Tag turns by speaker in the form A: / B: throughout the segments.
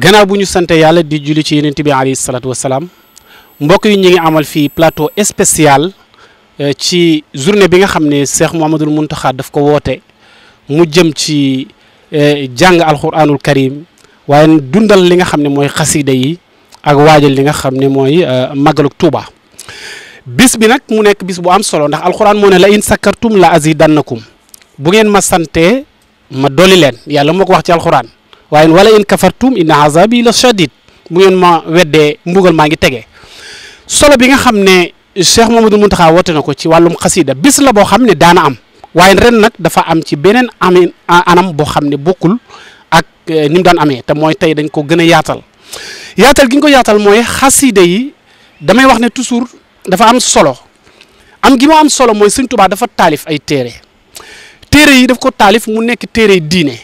A: gannaaw bu ñu sante yàlla di julli ci yenent bi alayhi salaatu wasalaam mbokk yi ñu ngi amal fii plateau spécial euh, ci journée bi nga xam ne Cheikh Mouhamadoul xaar daf ko woote mu jëm ci euh, jàng alquranul karim waaye dundal li nga xam ne mooy xasida yi ak waajal li nga xam ni mooy euh, màggaluk Tuuba bis bi nag mu nekk bis bu am solo ndax alquran moo ne la in sakkartum la azidannakum bu ngeen ma sante ma dolli leen yàlla moo ko wax ci alquran waaye wala in kafartum a azabi la shadid bu ngeen ma weddee mbugal maa ngi tege solo bi nga xam ne Cheikh Mamadou Mountakha wote na ko ci wàllum xasida bis la boo xam ne daana am waaye ren nag dafa am ci beneen anam boo xam ne bokkul ak e, ni mu daan amee te mooy tey dañ ko gën a yaatal yaatal gi ñu ko yaatal mooy xasida yi damay wax ne toujours dafa am solo am gi mu am solo mooy Sëñ Tuubaa dafa taalif ay téere téere yi daf ko taalif mu nekk téere diine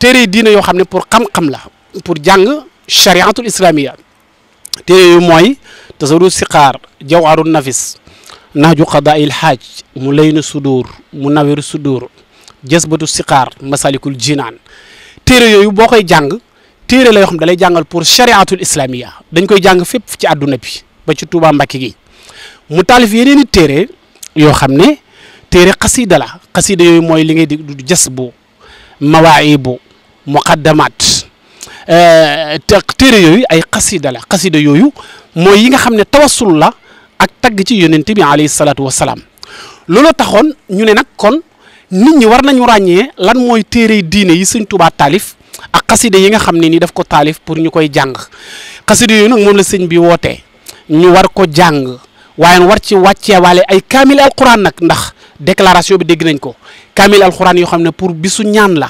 A: téere diine yoo xam ne pour xam-xam la pour jàng chariatul islamiya téere yu mooy tasawudu siqaar jawaru nafis nahju qadail haaj mu laynu sudur mu naweru sudur jësbatu siqaar masalikul jinaan téere yooyu boo koy jàng téere la yoo xam dalay jàngal pour chariatul islamiya dañ koy jàng fépp ci àdduna bi ba ci Tuubaa Mbàkke gi mu taalif yeneen i téere yoo xam ne téere xasida la xasida yooyu mooy li ngay di jas bu mawaayi bu muqaddamaat euh, téere yooyu ay xasida la xasida yooyu mooy yi nga xam ne tawassul la ak tagg ci yonent bi alayhi salaatu wa salaam loolu taxoon ñu ne nag kon nit ñi war nañu ràññee lan mooy téere diine yi Sëñ tubaat taalif ak xasida yi nga xam ne nii daf ko taalif pour ñu koy jàng xasida yooyu nag moom la sëñ bi wootee ñu war ko jàng waaye war ci wàcceewaale ay kaamil alquran nag ndax déclaration bi dégg nañ ko kaamil alquran yoo xam ne pour bisu ñaan la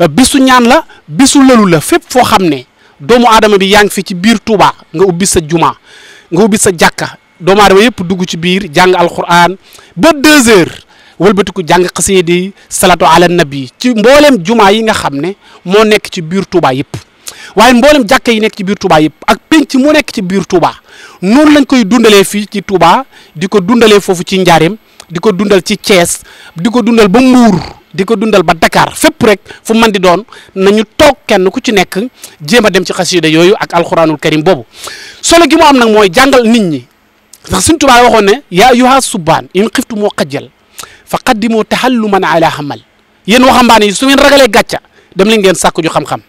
A: Euh, bisu ñaan la bisu lëlu la fépp foo xam ne doomu aadama bi yaa ngi fi ci biir Touba nga ubbi sa jumaa nga ubbi sa jàkka doomu aadama yëpp dugg ci biir jàng alquran ba deux heures wëlbatiku jàng xasida yi salatu ala nabi ci mboolem jumaa yi nga xam ne moo nekk ci biir Touba yëpp waaye mboolem jàkka yi nekk ci biir Touba yëpp ak penc mu nekk ci biir Touba noonu lañ koy dundalee fii ci Touba di ko dundalee foofu ci njaareem di ko dundal ci Thiès di ko dundal ba Mbuur di ko dundal ba dakaar fépp rek fu man di doon nañu toog kenn ku ci nekk jéem a dem ci xasida yooyu ak alxuraanul karim boobu solo gi mu am nag mooy jàngal nit ñi ndax suñ tubaab waxoon ne yaa a subaan in xiftu moo xajjal fa qaddimoo tahalluman ala hamal yéen waxambaane yi su ngeen ragalee gàcca dem leen ngeen sàkku ju xam-xam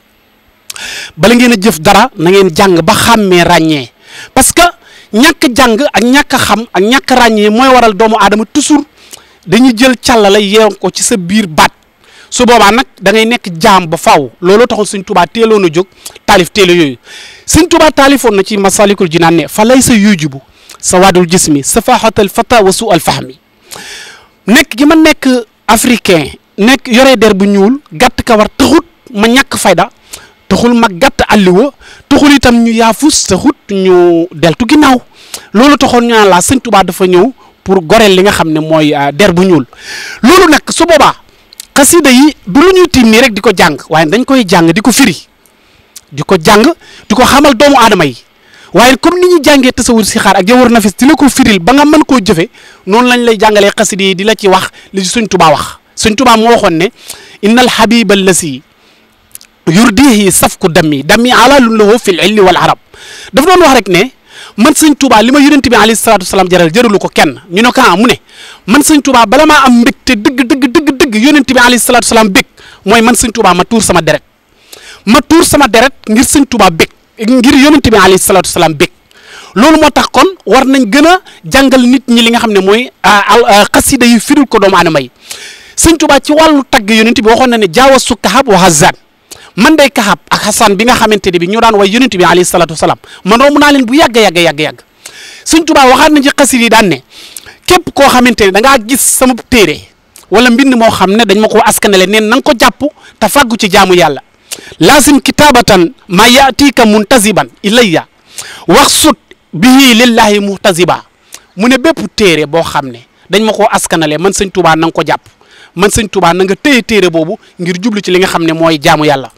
A: bala ngeen a jëf dara na ngeen jàng ba xàmmee ràññee parce que ñàkk jàng ak ñàkk xam ak ñàkk ràññee mooy waral doomu aadama toujours dañuy jël càllala yeew ko ci sa biir baat su boobaa nag dangay nekk jaam ba faw looloo taxoon Sëñ tubaa teeloon a jóg taalif teelo yooyu Sëñ Tuubaa taalifoon na ci Masaalikul Jinaan ne fa lay sa yujubu sawaadul jismi safahatal fa wa su al fahmi nekk gi ma nekk africain nekk yore der bu ñuul gàtt kawar taxut ma ñàkk fayda taxul ma gàtt àlliwa taxul itam ñu yaafus taxut ñu deltu ginnaaw loolu taxoon ñu naan laa Sëñ Tuubaa dafa ñëw pour goreel li nga xam ne mooy euh, der bu ñuul loolu nag su boobaa xasida yi du lu ñuy tiim nii rek di ko jàng waaye dañ koy jàng di ko firi di ko jàng di ko xamal doomu aadama yi waaye comme ni ñuy jàngee tasawur si xaar ak jawar nafis di la ko firil ba nga man koo jëfe noonu lañ lay jàngalee xasida yi di la ci wax li ci suñ tubaa wax suñ tubaa moo waxoon ne innal habiba lasi yurdihi safku dammi dammi ala lun lahu fil illi wal arab daf doon wax man sëñ Touba li ma yonent bi alayhi salaatu wasalaam jaral jëralu ko kenn ñu ne ko ah mu ne man sëñ Touba bala maa am mbégte dëgg dëgg dëgg dëgg yonent bi alayhi salaatu wasalaam bég mooy man sëñ Touba ma tuur sama deret ma tuur sama deret ngir sëñ Touba bég ngir yonent bi alayhi salaatu wasalaam bég loolu moo tax kon war nañ gën a jàngal nit ñi li nga xam ne mooy ah, ah, xasida yi firul ko doomu aadama yi sëñ Touba ci wàllu tagg yonent bi waxoon na ne jaawa sukkahab wa hazan man day Kaxab a Xasan bi nga xamante ne bi ñoo daan way yonent bi alayhi salaatu wasalaam man romb naa leen bu yàgg yàgg yàgg yàgg Sëñ Tuubaa waxaat nañ ci xasida yi daan ne képp koo xamante ne da ngaa gis sama téere wala mbind moo xam ne dañ ma ko askanale neen na nga ko jàpp te fàggu ci jaamu yàlla laasim kitaabatan ma yaatika muntaziban ilayya wax sut bihi lillahi muhtaziba mu ne bépp téere boo xam ne dañ ma koo askanale man Sëñ Tuubaa na nga ko jàpp man Sëñ Tuubaa na nga téye téere boobu ngir jublu ci li nga xam ne mooy jaamu yàlla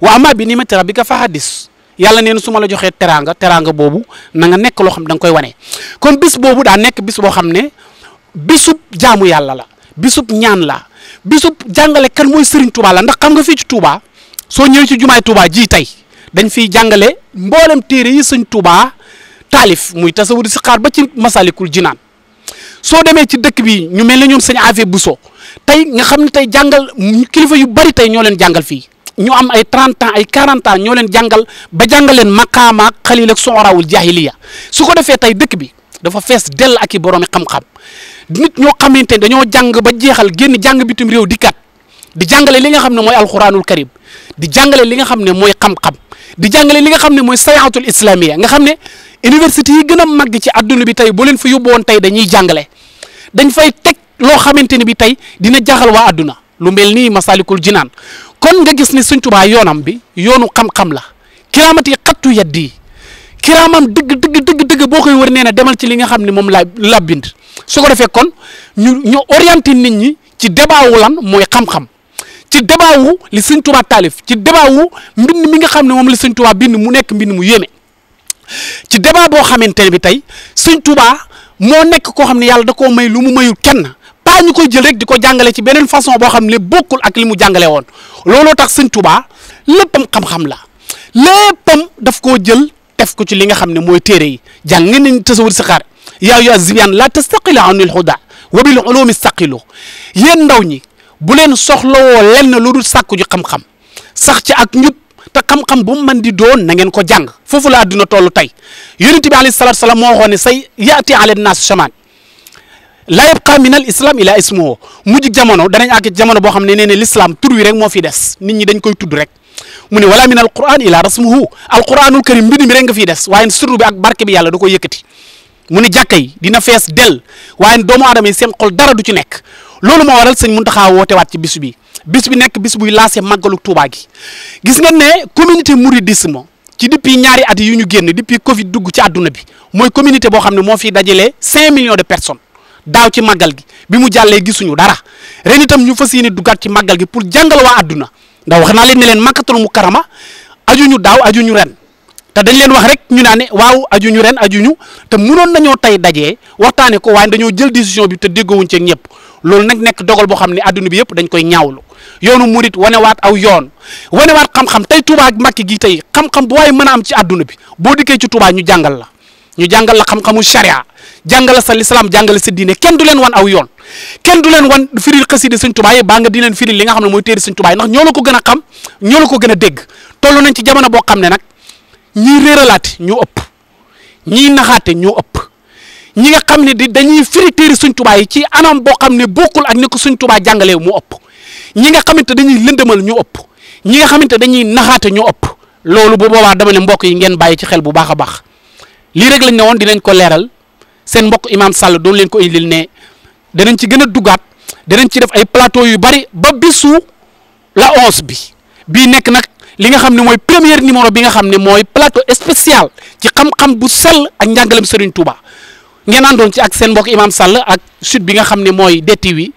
A: wa amma bi ma bi rabbika fa hadis yàlla neen su ma la joxee teraanga teraanga boobu nanga nekk loo xam da nga koy wane kon bis boobu daa nekk bis boo xam ne bisub jaamu yàlla la bisub ñaan la bisub jàngale kan mooy Serigne Touba la ndax xam nga fii ci Touba soo ñëwee ci jumaay Touba jii tey dañ fiy jàngale mboolem téere yi sëñ Touba taalif muy tasawur si xaar ba ci masalikul jinaan soo demee ci dëkk bi ñu mel ne ñoom sëñ Afé Bousso tey nga xam ne tey jàngal kilifa yu bari tey ñoo leen jàngal fii. ñoo am ay 30 ay 40 ñoo leen jàngal ba jàngal leen maqaama ak xalil ak soxoraawul jaahiliya su ko defee tey dëkk bi dafa fees dell ak i boroomi xam-xam nit ñoo xamante ne dañoo jàng ba jeexal génn jàng bitim réew dikkat di jàngale li nga xam ne mooy alxuraanul karim di jàngale li nga xam ne mooy xam di jàngale li nga xam ne mooy sayaatul islamiya nga xam ne université yi gën a màgg ci àdduna bi tey boo leen fa yóbbuwoon tey dañuy jàngale dañ fay teg loo xamante ne bi tey dina jaaxal waa àdduna lu mel nii masalikul jinaan kon nga gis ni Sëñ yoonam bi yoonu xam-xam la kiraamati xattu yaddi kiraamam dëgg dëgg dëgg boo koy wër nee na demal ci li nga xam ne moom laa la bind soo ko defee kon ñu ñu orienté nit ñi ci débat lan mooy xam-xam ci débat wu li Sëñ taalif ci débat mbind mi nga xam ne moom la Sëñ Tuubaa bind mu nekk mbind mu yéeme ci débat boo xamante ne bi tey Sëñ Tuubaa moo nekk koo xam ne yàlla da koo may lu mu mayul kenn balaa ñu koy jël rek di ko jàngale ci beneen façon boo xam ne bokkul ak li mu jàngale woon looloo tax sëñ Touba léppam xam-xam la léppam daf koo jël def ko ci li nga xam ne mooy téere yi jàng nañ tasawur si xaar yaa yu azibyan la tastaqila anil huda wa bil ulumi staqilu yéen ndaw ñi bu leen soxlawoo lenn lu dul sàkku xam-xam sax ci ak njub te xam-xam bu man di doon na ngeen ko jàng foofu la àdduna toll tey yonent bi alayhi salaatu salaam moo waxoon ne say yaati ala naas la yabqa min al islam ila ismuhu mujj jamono danañ àgg jamono boo xam ne nee ne l'islam tur wi rek moo fi des nit ñi dañ koy tudd rek mu ne wala min al quran ila rasmuhu al quranul karim mbind mi rek nga fiy des waaye surtout bi ak barke bi yàlla du ko yëkkati mu ne jàkka yi dina fees dell waaye doomu aadama yi seen xol dara du ci nekk loolu moo waral sëñ Muntaxa wootewaat ci bis bi bis bi nekk bis buy laasé màggalu Tuubaa gi gis nga ne communauté mouridisme ci depuis ñaari at yu ñu génn depuis Covid dugg ci àdduna bi mooy communauté boo xam ne moo fi dajalee 5 millions de personnes. daaw ci màggal gi bi mu jàllee gisuñu dara ren itam ñu fas yéene duggat ci màggal gi pour jàngal waa àdduna ndax wax naa leen ne leen makkatul mu karama ñu daaw aju ñu ren te dañ leen wax rek ñu naa ne waaw ñu ren aju ñu te mënoon nañoo tey daje waxtaane ko waaye dañoo jël décision bi te déggoowuñ ci ñëpp loolu nag nekk dogal boo xam ne adduna bi yëpp dañ koy ñaawlu yoonu murit wanewaat aw yoon wanewaat xam-xam tey Touba ak Màkki gi tey xam bu waaye mën am ci adduna bi boo dikkee ci Touba ñu jàngal la ñu jàngal la xam-xamu sharia jàngale sa lislaam jàngale sa diine kenn du leen wan aw yoon kenn du leen wan firil xasida sëñ Tuubaa yi baa nga di leen firil li nga xam ne mooy téere sëñ Tuubaa yi ndax ñoo la ko gën a xam ñoo la ko gën a dégg toll nañ ci jamono boo xam ne nag ñiy réeralaate ñoo ëpp ñiy naxaate ñoo ëpp ñi nga xam ne di dañuy firi téere sëñ Tuubaa yi ci anam boo xam ne bokkul ak ni ko sëñ Tuubaa jàngalee mu ëpp ñi nga xamante dañuy lëndëmal ñu ëpp ñi nga xamante dañuy naxaate ñu ëpp loolu bu boobaa dama ne mbokk yi ngeen bàyyi ci xel bu baax a baax lii rek lañ ne woon dinañ ko leeral seen mbokk Imaam Sall doon leen ko indil ne danañ ci gën a duggaat danañ ci def ay plateau yu bari ba bisu la onze bi bii nekk nag li nga xam ne mooy premier numéro bi nga xam ne mooy plateau spécial ci xam-xam bu sell ak njàngalem Serigne Touba ngeen àndoon ci ak seen mbokk Imaam Sall ak sud bi nga xam ne mooy DTV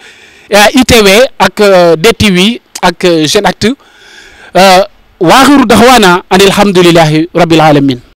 A: eh, ITV ak euh, DTV ak euh, Jeune Actu euh, waaxiru daxwaana an alhamdulillahi rabbil alamin